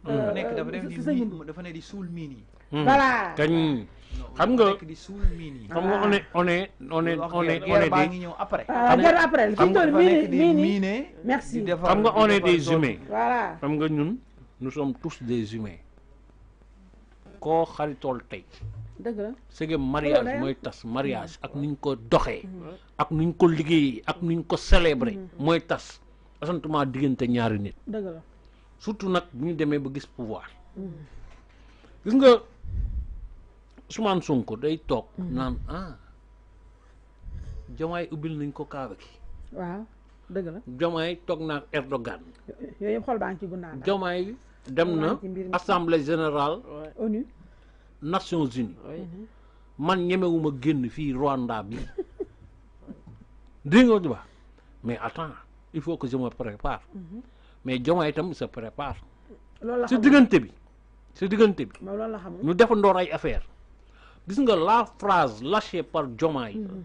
ku nekk euh, dafa euh, di dafa ne di kañ. xam nga di suul miin yi. xam nga on est on est ngi ñëw on euh, xam nga après xam nga merci xam nga on est des humains. voilà xam nga ñun nu some tous des humains. koo xaritool tey. dëgg la c'est mariage mooy tas mariage ak nuñ ko doxee. ak nuñ ko liggéeyee ak nuñ ko célébrer. Mm-hmm. mooy tas asantement diggante ñaari nit. surtout nag bu ñu demee ba gis pouvoir mm. gis nga Ousmane Sonko day toog mm. naan ah ubbil nañ ko kaaba gi waaw dëgg la toog naa Erdogan yooyu dem na assemblée générale ONU Nations Unies mhm. man ñemewuma génn fii Rwanda bi dégg nga ba mais attends il faut que je prépare mhm. mais Jomaï se prépare. C'est la si c'est bi si diggante bi. Nous la affaire la phrase lâchée par Jomai, mhm.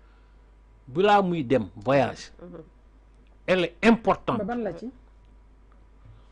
« Bula muy voyage. Mhm. elle est importante.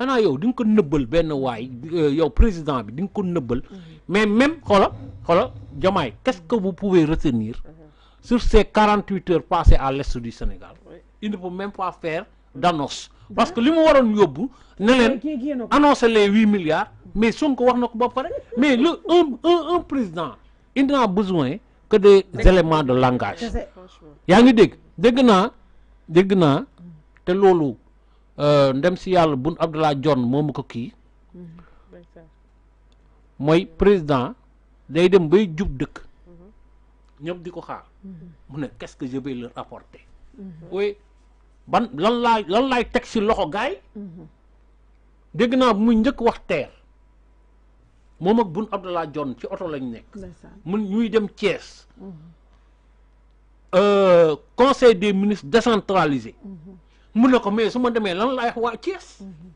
xanaa yow di nga ko nëbbal benn waay euh, yow président bi di nga ko nëbbal mais même xoola xoola Diomaye qu'est-ce que vous pouvez retenir sur ces 48 heures passées à l'est du Sénégal il ne faut même pas faire d'annonce parce que li mu waroon yóbbu ne annoncer les huit milliards mais son wax na ko ba pare mais le un un président il n'a besoin que des éléments de langage yaa ngi dégg dégg naa dégg naa te loolu Euh, ndem si yàlla bun Abdallah John moomu ko kii mooy président day dem bay jub dëkk ñëpp di ko xaar mu ne quest que je vais leur apporter oui ban lan laay lan laay teg si loxo gaay dégg naa muy njëkk wax teer moom ak bun Abdallah John ci oto lañ nekk mun ñuy dem Thiès euh, conseil des ministres décentralisé mhm. mun mais su ma lan laay wax mhm.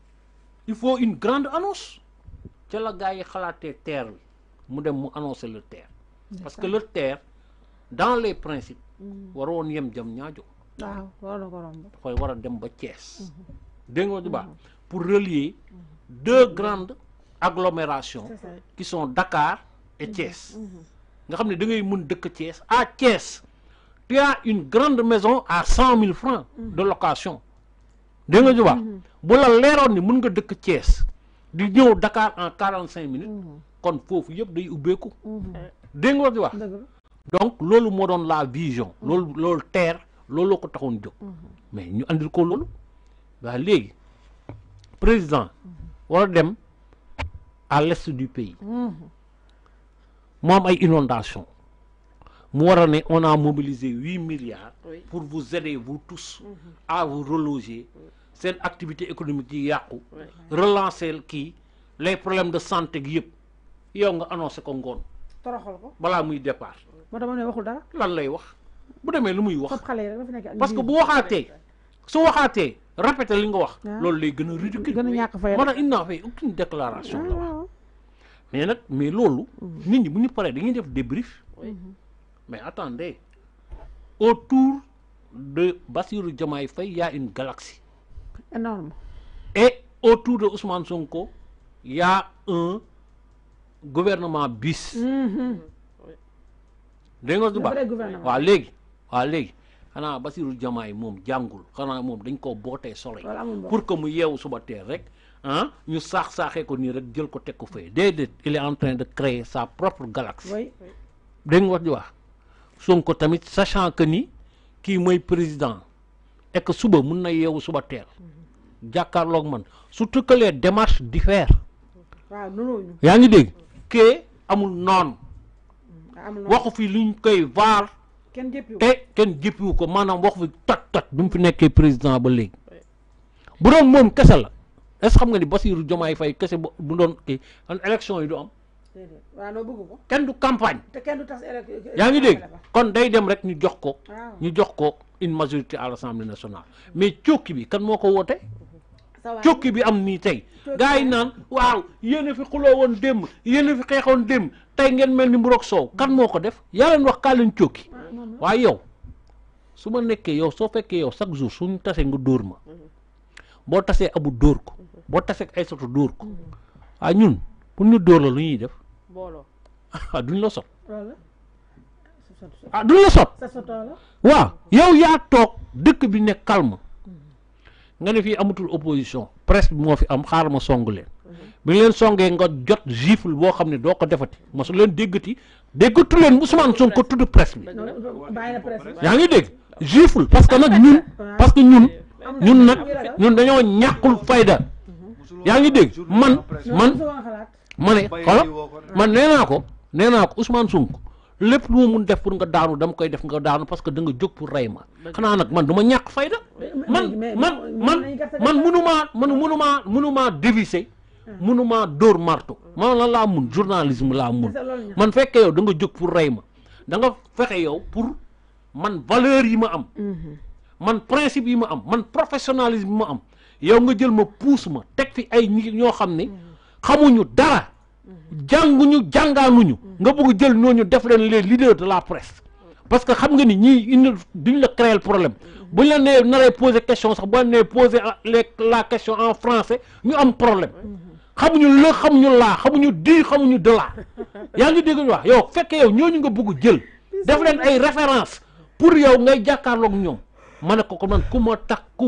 il faut une grande annonce ca la gars yi la terre bi mu dem mu annoncer le terre parce que le terre dans les principes mhm. waroon yem jam ñaajo waaw loolu ko romb dafay war a dem ba Thiès mhm. pour relier deux grandes agglomérations qui sont Dakar et Thiès nga xam que da ngay mun dëkk Thiès à Thiès tu as une grande maison à 100 000 francs de location dégg nga Juba mm-hmm. bu la leeroon ni mun nga dëkk Thiès di ñëw dakaar en quarante cinq minutes mm-hmm. kon foofu yëpp day ubbeeku mm-hmm. dégg nga Juba donc loolu moo doon la vision loolu loolu terre loo ko taxoon jóg mais ñu andil ko loolu waaye léegi président war dem à l'est du pays moom ay inondation on a mobilisé 8 milliards. pour vous aider vous tous. Mhm. à vous reloger. cette activité économique relancer les problèmes de santé Vous annoncé départ. parce que vous vous vous vous li nga wax. Ah. aucune déclaration ah, mais vous mais dit. Mais attendez, autour de Bassirou Diomaye Faye, il y a une galaxie. Énorme. Et autour de Ousmane Sonko, il y a un gouvernement bis. Mm -hmm. oui. xanaa Bassirou Diomaye moom jàngul xanaa moom dañ koo bootee soleil pour que mu yeewu suba teel rek ah ñu saax saaxee ko nii rek jël ko teg ko fee déedéet il est en train de créer sa propre galaxie oui dégg nga wax di wax Sonko tamit sachant que ni ki moy président et que suba mën na yeewu suba jakarlo ak man surtout que les démarches diffèrent yaa ngi deg ke amul non mm, waxu fi luñ koy te ken ko manam waxu fi tot tot bi mu fi nekké président ba léegi bu doon mom kessa la est xam nga ni basirou jomay fay kessa bu doon election yi do am waaw noo kenn du campagne. te kenn du tas yaa ngi dégg kon day dem rek ñu jox ko. ñu jox ko une majorité à l' assemblée nationale. mais cokki bi kan moo ko woote. cokki bi am nii tey. gars yi naan waaw yéen a fi xuloo woon démb yéen fi xeexoon démb tey ngeen mel ni mburoog soow kan moo ko def yaa leen wax kaa leen cokki. Ah, waaye yow su ma nekkee yow soo fekkee yow chaque jour suñu tasee nga dóor ma. Mhm. boo tasee abu dóor ko. Mhm. boo tasee ay soto dóor ko. Mhm. waaye ñun pour ñu dóor la lu ñuy def. booloo. ah duñ la sot. ah duñ la sot. waaw yow yaa toog dëkk bi ne calme. nga ne fii amatul opposition presse bi moo fi am xaaral ma song leen. bi leen songee nga jot gifle boo xam ne doo ko defati mosu leen déggati déggatu leen Ousmane Sonko tudd presse bi. yaa ngi dégg gifle parce que nag ñun parce que ñun ñun nag ñun dañoo ñàkkul fayda mhm. yaa ngi dégg man man. ma ne xoolal man nee naa ko nee naa ko Ousmane Sonko lépp lu ma mun def pour nga daanu dama koy def nga daanu parce que da nga jóg pour rey ma xanaa nag man du ma ñàkk fayda man man man man munumaa man munumaa munumaa dévisser ah. munumaa dóor marto man lan laa mun journalisme laa mun man fekkee yow da nga jóg pour rey ma da nga fexe yow pour man valeur yi ma am mhm. man principe yi ma am man professionnalisme yi ma am yow nga jël ma puus ma teg fi ay ñi ñoo xam ni xamuñu dara jangouñu jangaanuñu mm-hmm. nga bëgg jël ñooñu def leen les leaders de la presse parce que xam nga ni ñi indi duñ la créer le problème mm-hmm. buñ la né naree poser question sax boo né poser la question en français ñu am problème mm-hmm. xamuñu le, xamuñu la, xamuñu di xamuñu de la yaa ngi dégg wax yow fekkee yow ñooñu nga bëgg jël def leen ay référence pour yow ngay jàkkaarloog ñom mané ko ko man ku ma ku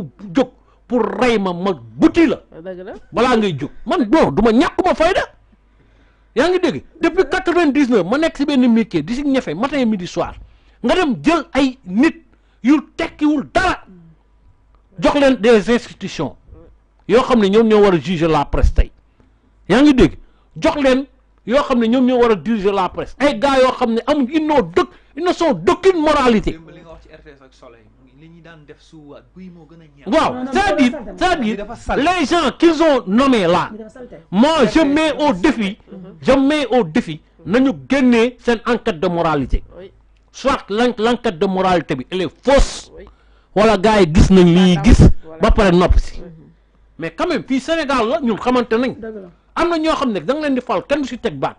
pour rey ma ma buti la balaa ngay jóg man bon du ma ñàkk ma fayda yaa ngi dégg depuis quatre-vingt-dix-neuf ma nekk si benn métier di si ñafe matin midi soir nga dem jël ay nit yu tekkiwul dara jox leen des institutions yoo xam ne ñoom ñoo war a juger la presse tey yaa ngi dégg jox leen yoo xam ne ñoom ñoo war a diriger la presse ay gars yoo xam ne amuñ ils n'ont dëkk ils ne sont d'aucune moralité li ñu daan def suuwaat buy c'est-à-dire c'est-à-dire les gens qu'ils ont nommés là. moi je mets au défi. je mets au défi nañu gagner cette enquête de moralité. soit l'enquête de moralité bi elle est fausse. wala gars yi gis nañ li ñuy gis ba pare si. Mhm. mais quand même puis Sénégal la ñun xamante nañ. am na ñoo xam ne da nga leen di fal kenn du si teg baat.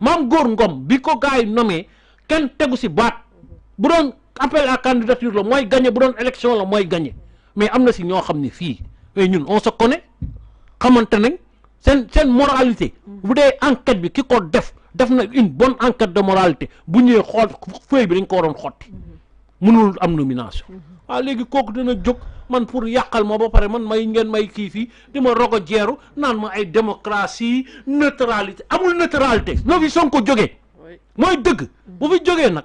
maam góor ngom bi ko gars yi nommé kenn tegu si baat bu doon appel à candidature le mooy gagné pour une élection la mooy gagné mais am si ñoo xam ne mais ñun on se connaît comment tenir c'est une moralité vous devez enquête bi ki def def une bonne enquête de moralité bu ñëwee xool feuille bi dañ ko waroon xotti mënul am nomination waaw ah, léegi kooku dina jóg man pour yakal mo ba paré man may ngeen may kii fii di ma rogo jeeru nan ma ay démocratie neutralité amul neutralité noo son ko jógee moy deug bu fi jógee nak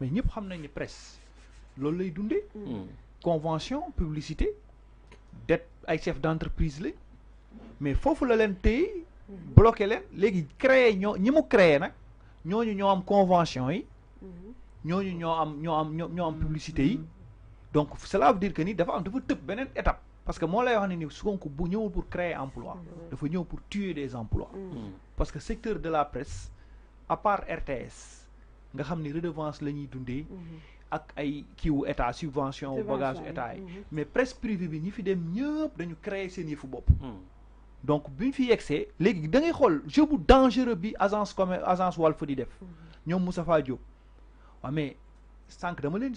mais nous xam une presse ce lay dundee. Hmm. convention publicité d'être ay chef d'entreprise. mais il faut leen téye hmm. bloqué les léegi ils ñoo ñi mu créé nag am convention yi. Hmm. ñoñu une am ñoo am ñoo am publicité yi donc cela veut dire que ni dafa am dafa étape parce que moi, lay wax ne ni Sonko bu pour créer emploi dafa ñëw pour tuer des emplois parce que secteur de la presse à part RTS nga xam redevance mhm. subvention bagage mhm. mais presse privée bi ñi fi dem créer hmm. donc bi fi da ngay jeu dangereux bi comme agence Walf di def mhm. mais dama